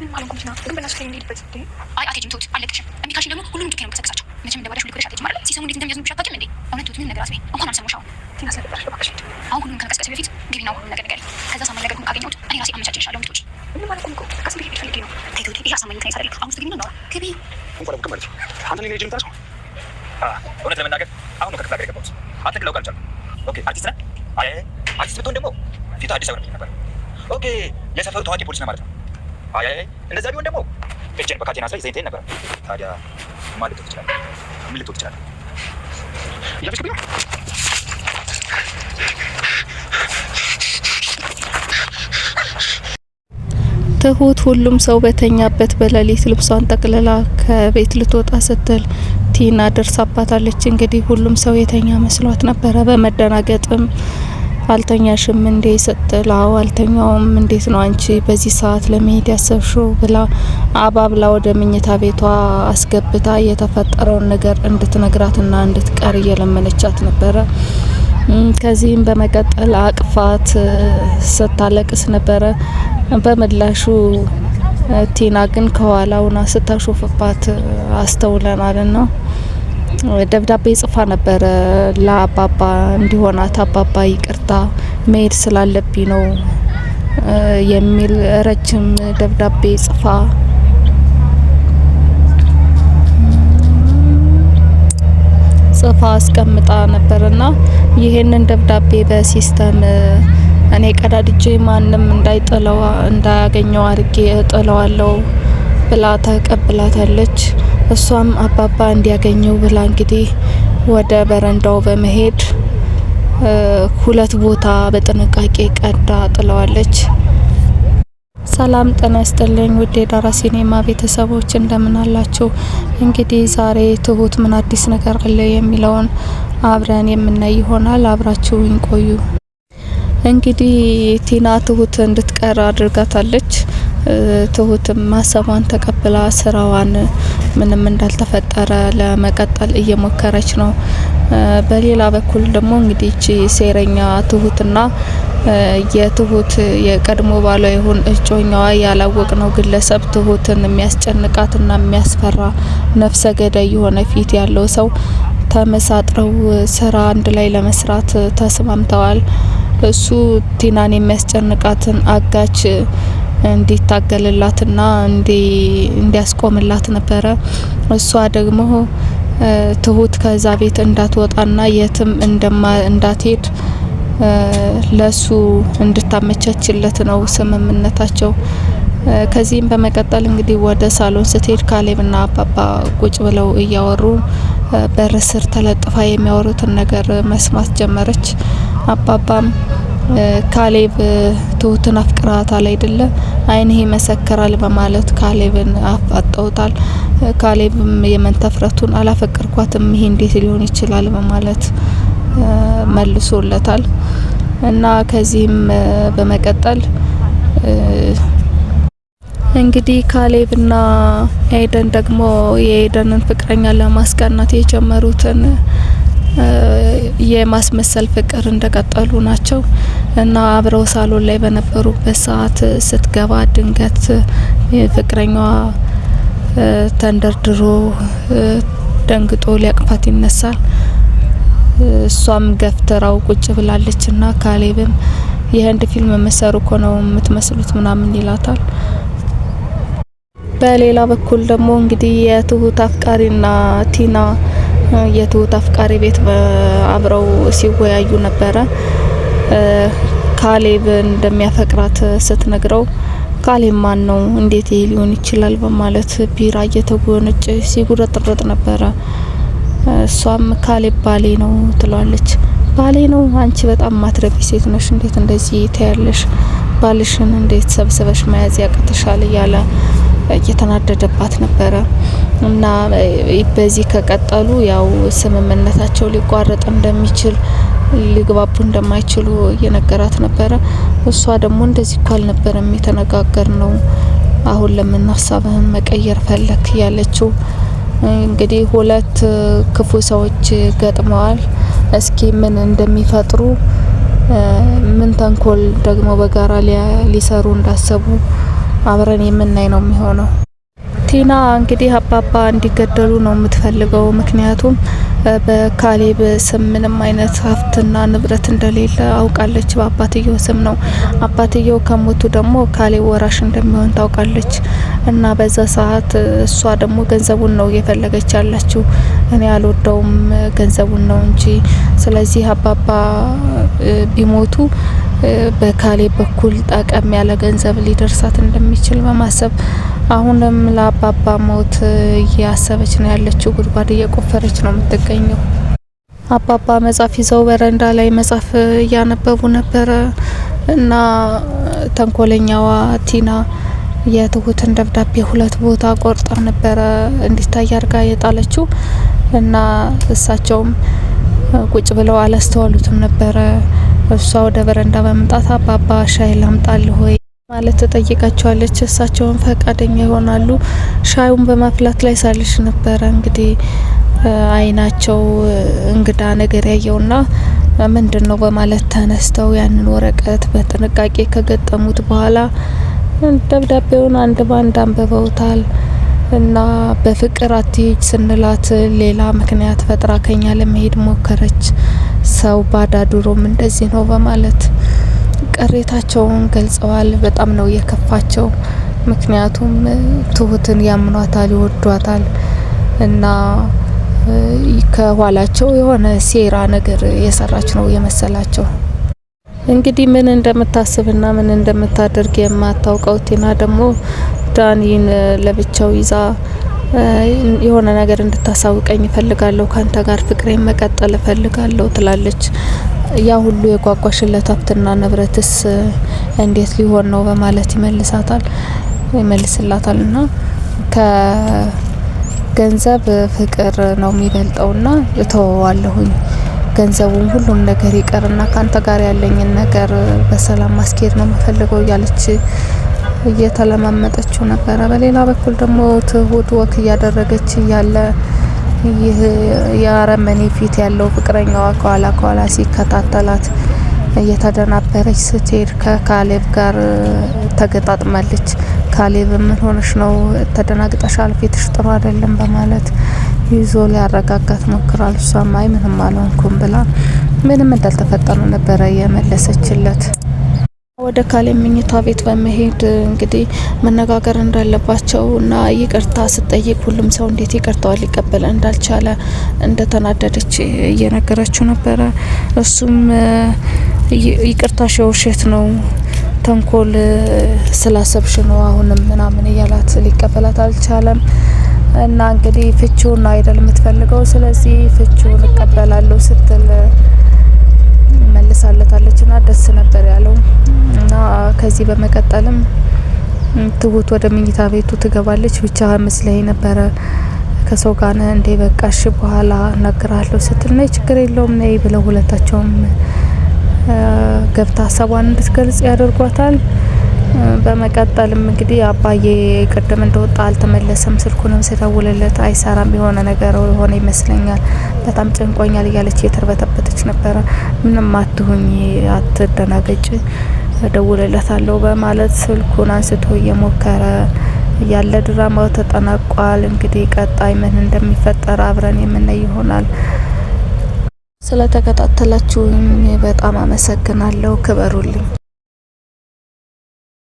ምንም አልሆንኩም። ና ግን በእናትሽ ከእኔ አይ አትሄጂም። አለቅሽም እምቢ ካልሽኝ ደግሞ ሁሉም ዱቄ ነው የምትቀሰቅሳቸው። መቼም እንደወደድሽ ልቅሽ አትሄጂም አይደለ? ሲሰሙ እንዴት እንደሚያዝኑብሽ አታውቂም እንዴ? እውነት ምንም ነገር እንኳን አልሰሙሽ። አሁን እባክሽ አሁን ከመቀስቀሴ በፊት ግቢና ነገር ንገሪኝ። ከዛ ነገር ካገኘሁት እኔ ራሴ አመቻችልሻለሁ። ምንም አልኩም እኮ ሄድ ፈልጌ ነው። ተይ ይሄ አሳማኝ አሁን ግቢ ማለት አንተ ኔ ልጅ የምታስበው እውነት ለመናገር አሁን ነው ከክፍለ ሀገር የገባሁት። አልቻልኩም። ኦኬ አርቲስት ነህ? አይ አርቲስት ብትሆን ደግሞ ፊቱ አዲስ አበባ ነበር። ኦኬ ታዋቂ ፖሊስ ነህ ማለት ነው አይ እንደዛ ቢሆን ደግሞ እጄን በካቴና ነበር። ታዲያ ማን ልትወት ይችላል? ምን ልትወት ይችላል? ትሁት ሁሉም ሰው በተኛበት በሌሊት ልብሷን ጠቅልላ ከቤት ልትወጣ ስትል ቲና ደርሳባታለች። እንግዲህ ሁሉም ሰው የተኛ መስሏት ነበረ። በመደናገጥም አልተኛሽም እንዴ ስትል አዎ አልተኛውም፣ እንዴት ነው አንቺ በዚህ ሰዓት ለመሄድ ያሰብሽው? ብላ አባብላ ወደ ምኝታ ቤቷ አስገብታ የተፈጠረውን ነገር እንድትነግራትና እንድትቀር እየለመነቻት ነበረ። ከዚህም በመቀጠል አቅፋት ስታለቅስ ነበረ። በምላሹ ቲና ግን ከኋላ ሆና ስታሾፍባት አስተውለናልና ደብዳቤ ጽፋ ነበረ ለአባባ እንዲሆናት አባባ ይቅርታ መሄድ ስላለብኝ ነው የሚል ረጅም ደብዳቤ ጽፋ ጽፋ አስቀምጣ ነበርና ይህንን ደብዳቤ በሲስተም እኔ ቀዳድጄ ማንም እንዳይጥለው እንዳያገኘው አድርጌ እጥለዋለሁ ብላ ተቀብላታለች። እሷም አባባ እንዲያገኘው ብላ እንግዲህ ወደ በረንዳው በመሄድ ሁለት ቦታ በጥንቃቄ ቀዳ ጥለዋለች። ሰላም ጤና ይስጥልኝ ውድ የዳራ ሲኔማ ቤተሰቦች እንደምን አላችሁ? እንግዲህ ዛሬ ትሁት ምን አዲስ ነገር አለ የሚለውን አብረን የምናይ ይሆናል። አብራችሁኝ ቆዩ። እንግዲህ ቲና ትሁት እንድትቀር አድርጋታለች። ትሁትም ማሰቧን ተቀብላ ስራዋን ምንም እንዳልተፈጠረ ለመቀጠል እየሞከረች ነው። በሌላ በኩል ደግሞ እንግዲህ እቺ ሴረኛ ትሁትና የትሁት የቀድሞ ባሏ ይሁን እጮኛዋ ያላወቅ ነው ግለሰብ ትሁትን የሚያስጨንቃትና የሚያስፈራ ነፍሰ ገዳይ የሆነ ፊት ያለው ሰው ተመሳጥረው ስራ አንድ ላይ ለመስራት ተስማምተዋል። እሱ ቲናን የሚያስጨንቃትን አጋች እንዲታገልላትና እንዲያስቆምላት ነበረ። እሷ ደግሞ ትሁት ከዛ ቤት እንዳትወጣና የትም እንዳትሄድ ለሱ እንድታመቻችለት ነው ስምምነታቸው። ከዚህም በመቀጠል እንግዲህ ወደ ሳሎን ስትሄድ ካሌብና አባባ ቁጭ ብለው እያወሩ በር ስር ተለጥፋ የሚያወሩትን ነገር መስማት ጀመረች። አባባም ካሌብ ትሁትን አፍቅራታል አይደለም አይንህ ይመሰክራል በማለት ካሌብን አፋጠውታል። ካሌብም የመንተፍረቱን አላፈቅርኳትም ይሄ እንዴት ሊሆን ይችላል በማለት መልሶለታል። እና ከዚህም በመቀጠል እንግዲህ ካሌብና ኤደን ደግሞ የኤደንን ፍቅረኛ ለማስቀናት የጀመሩትን የማስመሰል ፍቅር እንደቀጠሉ ናቸው። እና አብረው ሳሎን ላይ በነበሩበት ሰዓት ስትገባ ድንገት ፍቅረኛዋ ተንደርድሮ ደንግጦ ሊያቅፋት ይነሳል። እሷም ገፍትራው ቁጭ ብላለች እና ካሌብም የህንድ ፊልም መሰሩ እኮ ነው የምትመስሉት ምናምን ይላታል። በሌላ በኩል ደግሞ እንግዲህ የትሁት አፍቃሪና ቲና የትሁት አፍቃሪ ቤት አብረው ሲወያዩ ነበረ። ካሌብ እንደሚያፈቅራት ስትነግረው ካሌብ ማን ነው? እንዴት ይሄ ሊሆን ይችላል? በማለት ቢራ እየተጎነጨ ሲጉረጥረጥ ነበረ። እሷም ካሌብ ባሌ ነው ትሏለች። ባሌ ነው? አንቺ በጣም ማትረፊ ሴት ነሽ። እንዴት እንደዚህ ታያለሽ? ባልሽን እንዴት ሰብስበሽ መያዝ ያቅትሻል? እያለ እየተናደደባት ነበረ። እና በዚህ ከቀጠሉ ያው ስምምነታቸው ሊቋረጥ እንደሚችል ሊግባቡ እንደማይችሉ እየነገራት ነበረ። እሷ ደግሞ እንደዚህ እኮ አልነበረም የተነጋገር ነው አሁን ለምን ሀሳብህን መቀየር ፈለክ? ያለችው እንግዲህ ሁለት ክፉ ሰዎች ገጥመዋል። እስኪ ምን እንደሚፈጥሩ ምን ተንኮል ደግሞ በጋራ ሊሰሩ እንዳሰቡ አብረን የምናይ ነው የሚሆነው። ቲና እንግዲህ አባባ እንዲገደሉ ነው የምትፈልገው ምክንያቱም በካሌብ ስም ምንም አይነት ሀብትና ንብረት እንደሌለ አውቃለች። በአባትየው ስም ነው። አባትየው ከሞቱ ደግሞ ካሌብ ወራሽ እንደሚሆን ታውቃለች እና በዛ ሰዓት እሷ ደግሞ ገንዘቡን ነው እየፈለገች ያለችው። እኔ አልወደውም ገንዘቡን ነው እንጂ ስለዚህ አባባ ቢሞቱ በካሌ በኩል ጠቀም ያለ ገንዘብ ሊደርሳት እንደሚችል በማሰብ አሁንም ለአባባ ሞት እያሰበች ነው ያለችው። ጉድጓድ እየቆፈረች ነው የምትገኘው። አባባ መጽሐፍ ይዘው በረንዳ ላይ መጽሐፍ እያነበቡ ነበረ እና ተንኮለኛዋ ቲና የትሁትን ደብዳቤ ሁለት ቦታ ቆርጣ ነበረ እንዲታይ አድርጋ የጣለችው እና እሳቸውም ቁጭ ብለው አላስተዋሉትም ነበረ። እሷ ወደ በረንዳ በመምጣት አባባ ሻይ ላምጣል ሆይ ማለት ተጠይቃቸዋለች። እሳቸውን ፈቃደኛ ይሆናሉ። ሻዩን በማፍላት ላይ ሳለች ነበረ እንግዲህ አይናቸው እንግዳ ነገር ያየውና ምንድን ነው በማለት ተነስተው ያንን ወረቀት በጥንቃቄ ከገጠሙት በኋላ ደብዳቤውን አንድ ባንድ አንብበውታል እና በፍቅር አትሄጅ ስንላት ሌላ ምክንያት ፈጥራ ከኛ ለመሄድ ሞከረች። ሰው ባዳ ድሮም እንደዚህ ነው በማለት ቅሬታቸውን ገልጸዋል። በጣም ነው የከፋቸው። ምክንያቱም ትሁትን ያምኗታል፣ ይወዷታል እና ከኋላቸው የሆነ ሴራ ነገር የሰራች ነው የመሰላቸው። እንግዲህ ምን እንደምታስብና ምን እንደምታደርግ የማታውቀው ቲና ደግሞ ዳኒን ለብቻው ይዛ የሆነ ነገር እንድታሳውቀኝ እፈልጋለሁ፣ ካንተ ጋር ፍቅሬን መቀጠል እፈልጋለሁ ትላለች። ያ ሁሉ የጓጓሽለት ሀብትና ንብረትስ እንዴት ሊሆን ነው በማለት ይመልሳታል ይመልስላታል እና ከገንዘብ ፍቅር ነው የሚበልጠው ና እተወዋለሁኝ ገንዘቡን ሁሉም ነገር ይቀርና ካንተ ጋር ያለኝን ነገር በሰላም ማስኬድ ነው የምፈልገው እያለች እየተለማመጠችው ነበረ። በሌላ በኩል ደግሞ ትሁት ወክ እያደረገች እያለ ይህ የአረመኔ ፊት ያለው ፍቅረኛዋ ከኋላ ከኋላ ሲከታተላት እየተደናበረች ስትሄድ ከካሌብ ጋር ተገጣጥማለች። ካሌብ ምን ሆነሽ ነው? ተደናግጠሻል፣ ፊትሽ ጥሩ አይደለም በማለት ይዞ ሊያረጋጋት ሞክራል። እሷም አይ ምንም አልሆንኩም ብላ ምንም እንዳልተፈጠሩ ነበረ የመለሰችለት። ወደ ካሌ መኝታ ቤት በመሄድ እንግዲህ መነጋገር እንዳለባቸው እና ይቅርታ ስጠይቅ ሁሉም ሰው እንዴት ይቅርታዋ ሊቀበል እንዳልቻለ እንደተናደደች እየነገረችው ነበረ። እሱም ይቅርታ ሸውሸት ነው ተንኮል ስላሰብሽ ነው አሁንም ምናምን እያላት ሊቀበላት አልቻለም። እና እንግዲህ ፍቺውን አይደል የምትፈልገው፣ ስለዚህ ፍቺውን እቀበላለሁ ስትል ከዚህ በመቀጠልም ትሁት ወደ መኝታ ቤቱ ትገባለች። ብቻ መስለኝ ነበረ ከሰው ጋነ እንደ እንዴ? በቃሽ በኋላ እነግራለሁ ስትል ችግር የለውም ነይ ብለው ሁለታቸውም ገብታ ሀሳቧን እንድትገልጽ ያደርጓታል። በመቀጠልም እንግዲህ አባዬ ቅድም እንደወጣ አልተመለሰም፣ ስልኩንም ስደውልለት አይሰራም፣ የሆነ ነገር የሆነ ይመስለኛል፣ በጣም ጨንቆኛል እያለች እየተርበተበተች ነበረ። ምንም አትሁኝ፣ አትደናገጭ እደውልለታለሁ በማለት ስልኩን አንስቶ እየሞከረ ያለ ድራማው ተጠናቋል። እንግዲህ ቀጣይ ምን እንደሚፈጠር አብረን የምናይ ይሆናል። ስለተከታተላችሁኝ በጣም አመሰግናለሁ። ክበሩልኝ።